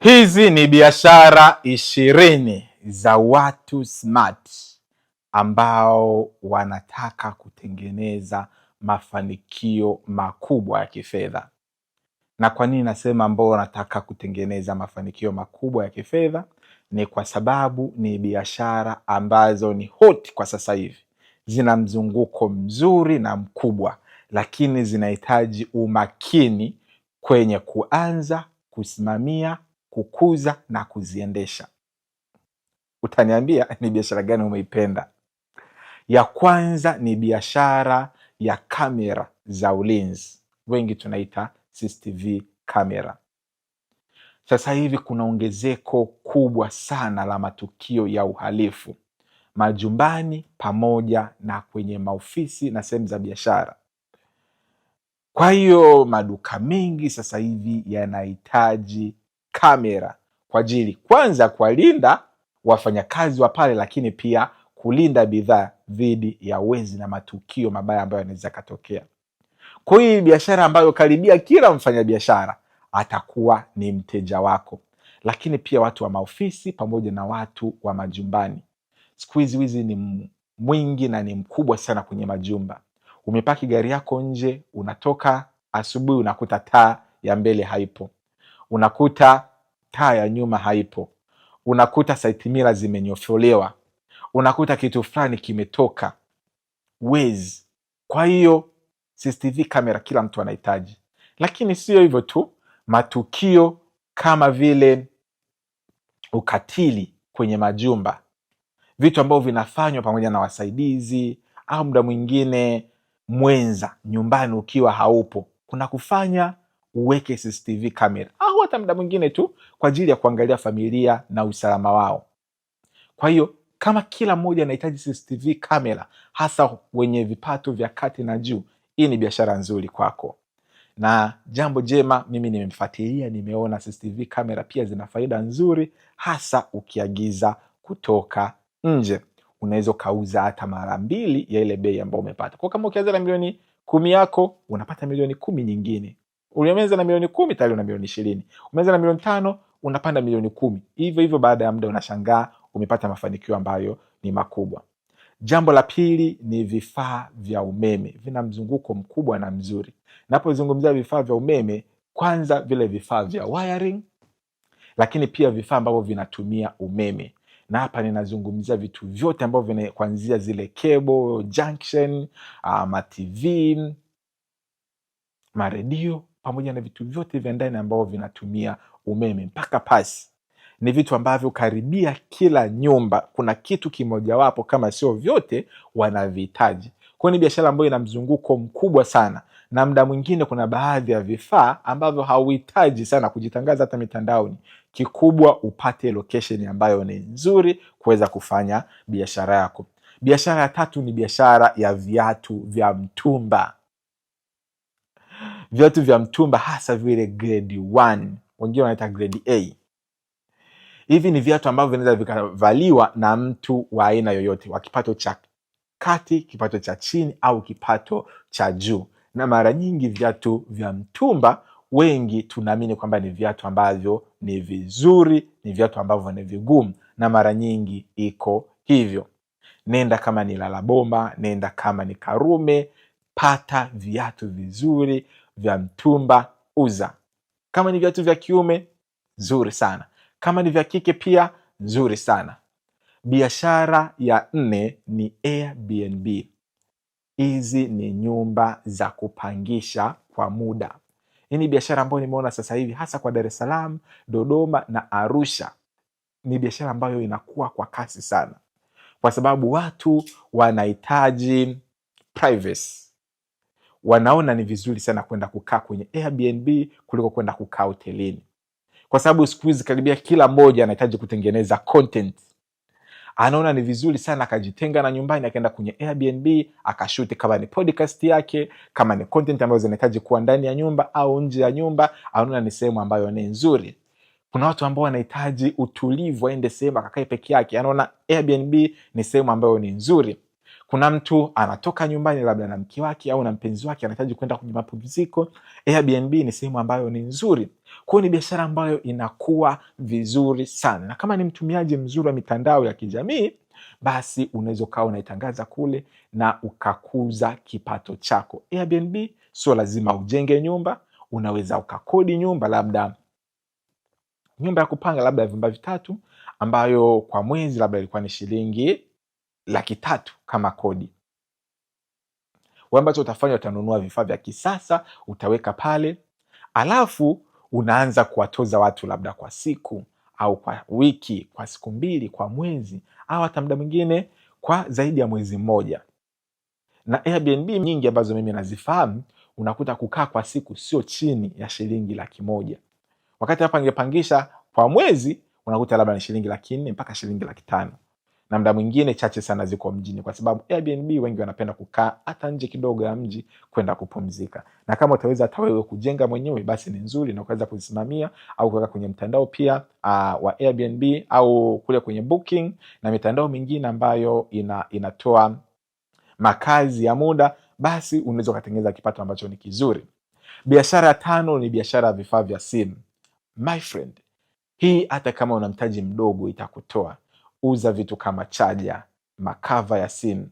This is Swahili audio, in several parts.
Hizi ni biashara ishirini za watu smart ambao wanataka kutengeneza mafanikio makubwa ya kifedha. Na kwa nini nasema ambao wanataka kutengeneza mafanikio makubwa ya kifedha? Ni kwa sababu ni biashara ambazo ni hot kwa sasa hivi, zina mzunguko mzuri na mkubwa, lakini zinahitaji umakini kwenye kuanza, kusimamia kukuza na kuziendesha. Utaniambia ni biashara gani umeipenda? Ya kwanza ni biashara ya kamera za ulinzi, wengi tunaita CCTV kamera. Sasa hivi kuna ongezeko kubwa sana la matukio ya uhalifu majumbani pamoja na kwenye maofisi na sehemu za biashara. Kwa hiyo maduka mengi sasa hivi yanahitaji kamera kwa ajili kwanza kuwalinda wafanyakazi wa pale, lakini pia kulinda bidhaa dhidi ya wezi na matukio mabaya ambayo yanaweza katokea. Kwa hiyo biashara ambayo karibia kila mfanyabiashara atakuwa ni mteja wako, lakini pia watu wa maofisi pamoja na watu wa majumbani. Siku hizi wizi ni mwingi na ni mkubwa sana kwenye majumba. Umepaki gari yako nje, unatoka asubuhi, unakuta taa ya mbele haipo, unakuta taa ya nyuma haipo, unakuta saitimira zimenyofolewa, unakuta kitu fulani kimetoka wezi. Kwa hiyo CCTV kamera kila mtu anahitaji, lakini sio hivyo tu, matukio kama vile ukatili kwenye majumba, vitu ambavyo vinafanywa pamoja na wasaidizi au muda mwingine mwenza nyumbani ukiwa haupo, kuna kufanya uweke CCTV kamera au hata muda mwingine tu kwa ajili ya kuangalia familia na usalama wao. Kwa hiyo kama kila mmoja anahitaji CCTV kamera, hasa wenye vipato vya kati na juu, hii ni biashara nzuri kwako na jambo jema. Mimi nimemfuatilia, nimeona CCTV kamera pia zina faida nzuri, hasa ukiagiza kutoka nje. Unaweza ukauza hata mara mbili ya ile bei ambayo umepata. Kwa kama ukianza na milioni kumi yako unapata milioni kumi nyingine. Ulianza na milioni kumi tayari una milioni ishirini. Umeanza na milioni tano unapanda milioni kumi, hivyo hivyo. Baada ya muda unashangaa umepata mafanikio ambayo ni makubwa. Jambo la pili ni vifaa vya umeme, vina mzunguko mkubwa na mzuri. Napozungumzia vifaa vya umeme, kwanza vile vifaa vya wiring, lakini pia vifaa ambavyo vinatumia umeme na hapa ninazungumzia vitu vyote ambavyo vina kuanzia zile cable junction, uh, ah, matv maredio pamoja na vitu vyote vya ndani ambavyo vinatumia umeme mpaka pasi ni vitu ambavyo karibia kila nyumba kuna kitu kimojawapo kama sio vyote wanavihitaji. kwao ni biashara ambayo ina mzunguko mkubwa sana, na mda mwingine kuna baadhi ya vifaa ambavyo hauhitaji sana kujitangaza hata mitandaoni. Kikubwa upate location ambayo ni nzuri kuweza kufanya biashara yako. Biashara ya tatu ni biashara ya viatu vya mtumba viatu vya mtumba hasa vile grade 1 wengine wanaita grade A. Hivi ni viatu ambavyo vinaweza vikavaliwa na mtu wa aina yoyote, wa kipato cha kati, kipato cha chini au kipato cha juu. Na mara nyingi viatu vya mtumba wengi tunaamini kwamba ni viatu ambavyo ni vizuri, ni viatu ambavyo ni vigumu, na mara nyingi iko hivyo. Nenda kama ni bomba nenda kama ni Karume, pata viatu vizuri vya mtumba, uza. Kama ni viatu vya kiume, nzuri sana. Kama ni vya kike pia, nzuri sana. Biashara ya nne ni Airbnb. Hizi ni nyumba za kupangisha kwa muda. Hii ni biashara ambayo nimeona sasa hivi hasa kwa Dar es Salaam, Dodoma na Arusha. Ni biashara ambayo inakuwa kwa kasi sana, kwa sababu watu wanahitaji privacy wanaona ni vizuri sana kwenda kukaa kwenye Airbnb kuliko kwenda kukaa hotelini, kwa sababu siku hizi karibia kila mmoja anahitaji kutengeneza content. Anaona ni vizuri sana akajitenga na nyumbani, akaenda kwenye Airbnb akashuti, kama ni podcast yake, kama ni content ambazo zinahitaji kuwa ndani ya nyumba au nje ya nyumba, anaona ni sehemu ambayo ni nzuri. Kuna watu ambao wanahitaji utulivu, aende sehemu akakae peke yake, anaona Airbnb ni sehemu ambayo ni nzuri. Kuna mtu anatoka nyumbani labda na mke wake au na mpenzi wake, anahitaji kwenda kwenye mapumziko. Airbnb ni sehemu ambayo ni nzuri. Kwa ni biashara ambayo inakuwa vizuri sana, na kama ni mtumiaji mzuri wa mitandao ya kijamii basi unaweza ukawa unaitangaza kule na ukakuza kipato chako. Airbnb sio lazima ujenge nyumba, unaweza ukakodi nyumba, labda nyumba ya kupanga labda ya vyumba vitatu, ambayo kwa mwezi labda ilikuwa ni shilingi laki tatu kama kodi. Wewe ambacho utafanya utanunua vifaa vya kisasa utaweka pale, alafu unaanza kuwatoza watu labda kwa siku au kwa wiki, kwa siku mbili, kwa mwezi au hata mda mwingine kwa zaidi ya mwezi mmoja. Na Airbnb nyingi ambazo mimi nazifahamu unakuta kukaa kwa siku sio chini ya shilingi laki moja, wakati hapa ningepangisha kwa mwezi unakuta labda ni shilingi laki nne mpaka shilingi laki tano na mda mwingine chache sana ziko mjini, kwa sababu Airbnb wengi wanapenda kukaa hata nje kidogo ya mji kwenda kupumzika. Na kama utaweza hata wewe kujenga mwenyewe, basi ni nzuri na ukaweza kuzisimamia au kuweka kwenye mtandao pia uh, wa Airbnb au kule kwenye Booking na mitandao mingine ambayo ina, inatoa makazi ya muda, basi unaweza ukatengeneza kipato ambacho ni kizuri. Biashara ya tano ni biashara ya vifaa vya simu. My friend, hii hata kama una mtaji mdogo itakutoa uza vitu kama chaja, makava ya simu,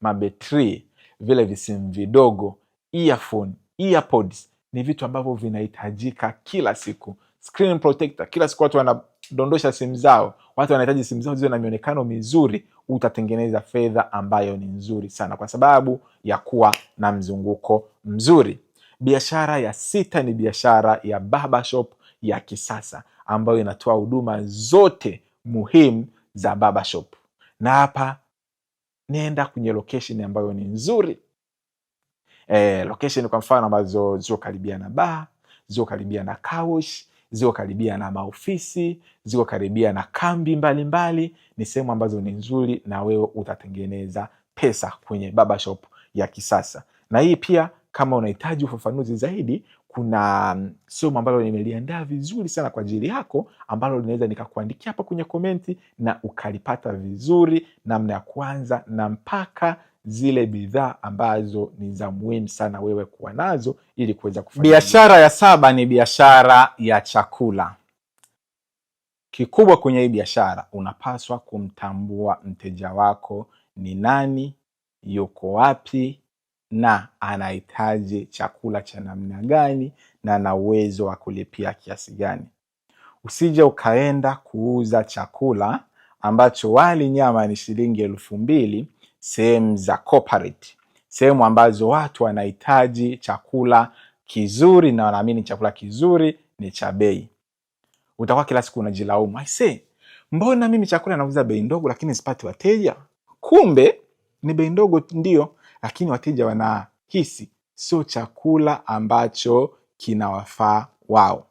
mabetri, vile visimu vidogo, earphone, earpods ni vitu ambavyo vinahitajika kila siku. Screen protector, kila siku watu wanadondosha simu zao, watu wanahitaji simu zao ziwe na mionekano mizuri. Utatengeneza fedha ambayo ni nzuri sana, kwa sababu ya kuwa na mzunguko mzuri. Biashara ya sita ni biashara ya barbershop ya kisasa ambayo inatoa huduma zote muhimu za barbershop, na hapa nenda kwenye location ambayo ni nzuri e, location kwa mfano ambazo zio karibia na bar, zio karibia na couch, zio karibia na maofisi, zio karibia na kambi mbalimbali mbali. Ni sehemu ambazo ni nzuri na wewe utatengeneza pesa kwenye barbershop ya kisasa. Na hii pia, kama unahitaji ufafanuzi zaidi, kuna mm, somo ambalo nimeliandaa vizuri sana kwa ajili yako ambalo linaweza nikakuandikia hapa kwenye komenti na ukalipata vizuri, namna ya kwanza na mpaka zile bidhaa ambazo ni za muhimu sana wewe kuwa nazo ili kuweza kufanya. Biashara ya saba ni biashara ya chakula. Kikubwa kwenye hii biashara, unapaswa kumtambua mteja wako ni nani, yuko wapi na anahitaji chakula cha namna gani na ana uwezo wa kulipia kiasi gani. Usije ukaenda kuuza chakula ambacho wali nyama ni shilingi elfu mbili sehemu za corporate, sehemu ambazo watu wanahitaji chakula kizuri na wanaamini chakula kizuri ni cha bei. Utakuwa kila siku unajilaumu, aise, mbona mimi chakula nauza bei ndogo, lakini sipati wateja? Kumbe ni bei ndogo ndio lakini wateja wanahisi sio chakula ambacho kinawafaa wao.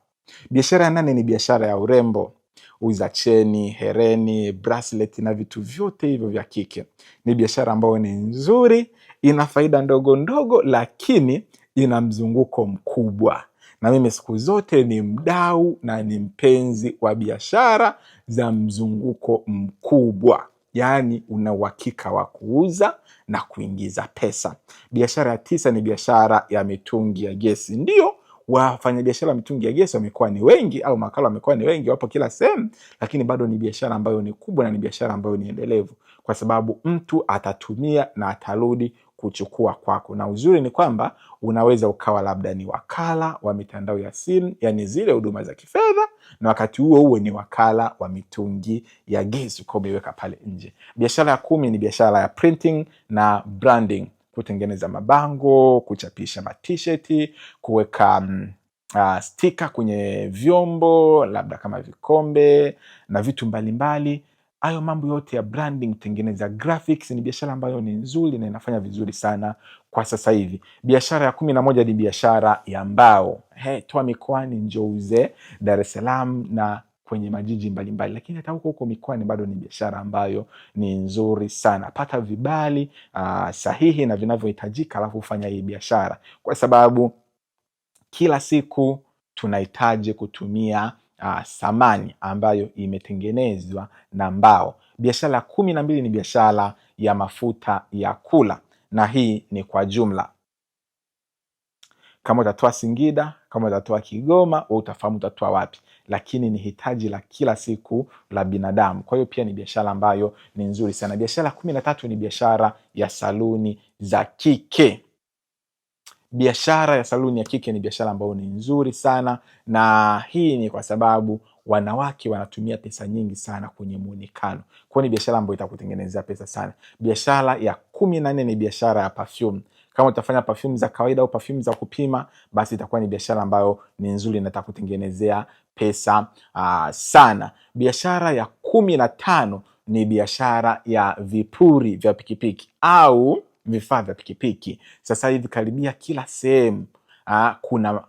Biashara ya nane ni biashara ya urembo. Uza cheni, hereni, bracelet na vitu vyote hivyo vya kike. Ni biashara ambayo ni nzuri, ina faida ndogo ndogo, lakini ina mzunguko mkubwa na mimi siku zote ni mdau na ni mpenzi wa biashara za mzunguko mkubwa yaani una uhakika wa kuuza na kuingiza pesa. Biashara ya tisa ni biashara ya mitungi ya gesi. ndio wafanyabiashara wa mitungi ya gesi wamekuwa ni wengi, au makala wamekuwa ni wengi, wapo kila sehemu, lakini bado ni biashara ambayo ni kubwa na ni biashara ambayo ni endelevu, kwa sababu mtu atatumia na atarudi kuchukua kwako, na uzuri ni kwamba unaweza ukawa labda ni wakala wa mitandao ya simu, yani zile huduma za kifedha, na wakati huo huo ni wakala wa mitungi ya gesi kwa umeweka pale nje. Biashara ya kumi ni biashara ya printing na branding, kutengeneza mabango, kuchapisha matisheti, kuweka um, Uh, stika kwenye vyombo labda kama vikombe na vitu mbalimbali mbali hayo mambo yote ya branding, tengeneza graphics, ni biashara ambayo ni nzuri na inafanya vizuri sana kwa sasa hivi. Biashara ya kumi na moja ni biashara ya mbao. Hey, toa mikoani, njoo uze Dar es Salaam na kwenye majiji mbalimbali, lakini hata huko huko mikoani bado ni biashara ambayo ni nzuri sana. Pata vibali aa, ah, sahihi na vinavyohitajika, alafu hufanya hii biashara, kwa sababu kila siku tunahitaji kutumia uh, samani ambayo imetengenezwa na mbao. Biashara kumi na mbili ni biashara ya mafuta ya kula, na hii ni kwa jumla. Kama utatoa Singida, kama utatoa Kigoma, wewe utafahamu utatoa wapi, lakini ni hitaji la kila siku la binadamu. Kwa hiyo pia ni biashara ambayo ni nzuri sana. Biashara kumi na tatu ni biashara ya saluni za kike biashara ya saluni ya kike ni biashara ambayo ni nzuri sana, na hii ni kwa sababu wanawake wanatumia pesa nyingi sana kwenye muonekano. Kwa hiyo ni biashara ambayo itakutengenezea pesa sana. Biashara ya kumi na nne ni biashara ya perfume. Kama utafanya perfume za kawaida au perfume za kupima, basi itakuwa ni biashara ambayo ni nzuri na itakutengenezea pesa uh, sana. Biashara ya kumi na tano ni biashara ya vipuri vya pikipiki au vifaa vya pikipiki. Sasa hivi karibia kila sehemu ah, kuna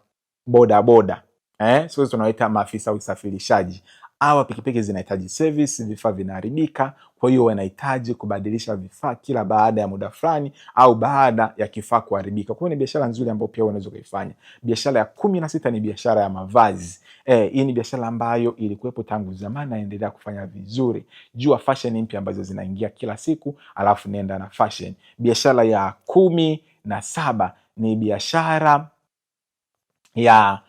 bodaboda eh, siku hizi maafisa usafirishaji hawa pikipiki zinahitaji service, vifaa vinaharibika, kwa hiyo wanahitaji kubadilisha vifaa kila baada ya muda fulani au baada ya kifaa kuharibika. Kwa hiyo ni biashara nzuri ambayo pia unaweza kuifanya. Biashara ya kumi na sita ni biashara ya mavazi. Eh, hii ni biashara ambayo ilikuwepo tangu zamani na inaendelea kufanya vizuri. Jua fashion mpya ambazo zinaingia kila siku, alafu nenda na fashion. Biashara ya kumi na saba ni biashara ya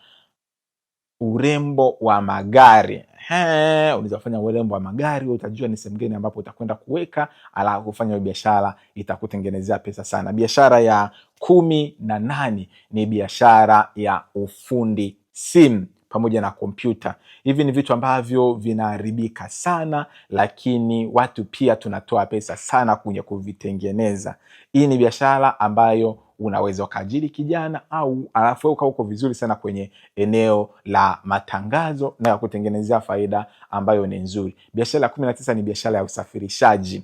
urembo wa magari unaweza kufanya urembo wa magari, utajua ni sehemu gani ambapo utakwenda kuweka, alafu ufanya biashara itakutengenezea pesa sana. Biashara ya kumi na nane ni biashara ya ufundi simu pamoja na kompyuta. Hivi ni vitu ambavyo vinaharibika sana, lakini watu pia tunatoa pesa sana kwenye kuvitengeneza. Hii ni biashara ambayo unaweza ukaajiri kijana au alafu uko vizuri sana kwenye eneo la matangazo na ya kutengenezea faida ambayo ni nzuri. Biashara ya kumi na tisa ni biashara ya usafirishaji.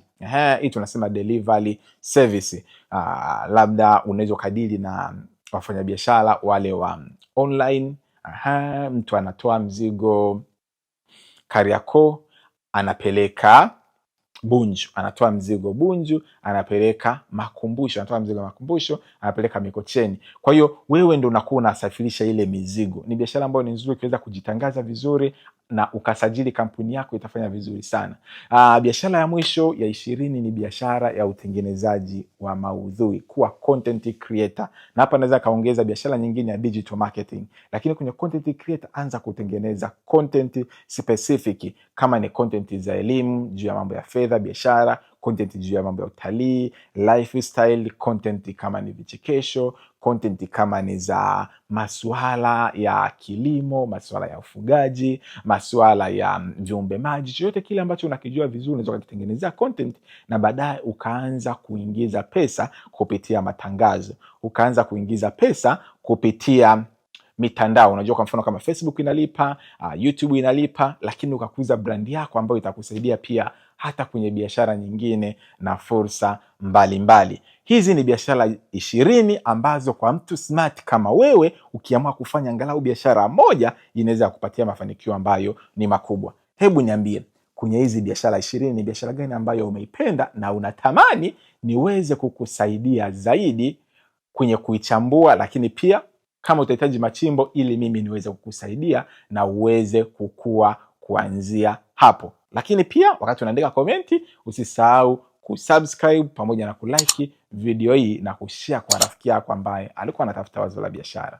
Hii tunasema delivery service. Aa, ah, labda unaweza ukadili na wafanyabiashara wale wa online. Aha, mtu anatoa mzigo Kariakoo anapeleka Bunju anatoa mzigo Bunju, anapeleka Makumbusho, anatoa mzigo Makumbusho, anapeleka Mikocheni. Kwa hiyo wewe ndo unakuwa unasafirisha ile mizigo. Ni biashara ambayo ni nzuri, ukiweza kujitangaza vizuri, na ukasajili kampuni yako itafanya vizuri sana. Aa, ah, biashara ya mwisho ya ishirini ni biashara ya utengenezaji wa maudhui, kuwa content creator, na hapa naweza kaongeza biashara nyingine ya digital marketing, lakini kwenye content creator anza kutengeneza content specific, kama ni content za elimu juu ya mambo ya fedha, biashara content juu ya mambo ya utalii, lifestyle content, kama ni vichekesho content, kama ni za masuala ya kilimo, masuala ya ufugaji, masuala ya mm, viumbe maji, chochote kile ambacho unakijua vizuri, unaweza ukakitengenezea content na baadaye ukaanza kuingiza pesa kupitia matangazo, ukaanza kuingiza pesa kupitia mitandao. Unajua, kwa mfano kama Facebook inalipa, uh, YouTube inalipa, lakini ukakuza brandi yako ambayo itakusaidia pia hata kwenye biashara nyingine na fursa mbalimbali mbali. Hizi ni biashara ishirini ambazo kwa mtu smart kama wewe ukiamua kufanya angalau biashara moja inaweza kupatia mafanikio ambayo ni makubwa. Hebu niambie kwenye hizi biashara ishirini ni biashara gani ambayo umeipenda na unatamani niweze kukusaidia zaidi kwenye kuichambua, lakini pia kama utahitaji machimbo ili mimi niweze kukusaidia na uweze kukua kuanzia hapo. Lakini pia wakati unaandika komenti, usisahau kusubscribe pamoja na kulike video hii na kushare kwa rafiki yako ambaye alikuwa anatafuta wazo la biashara.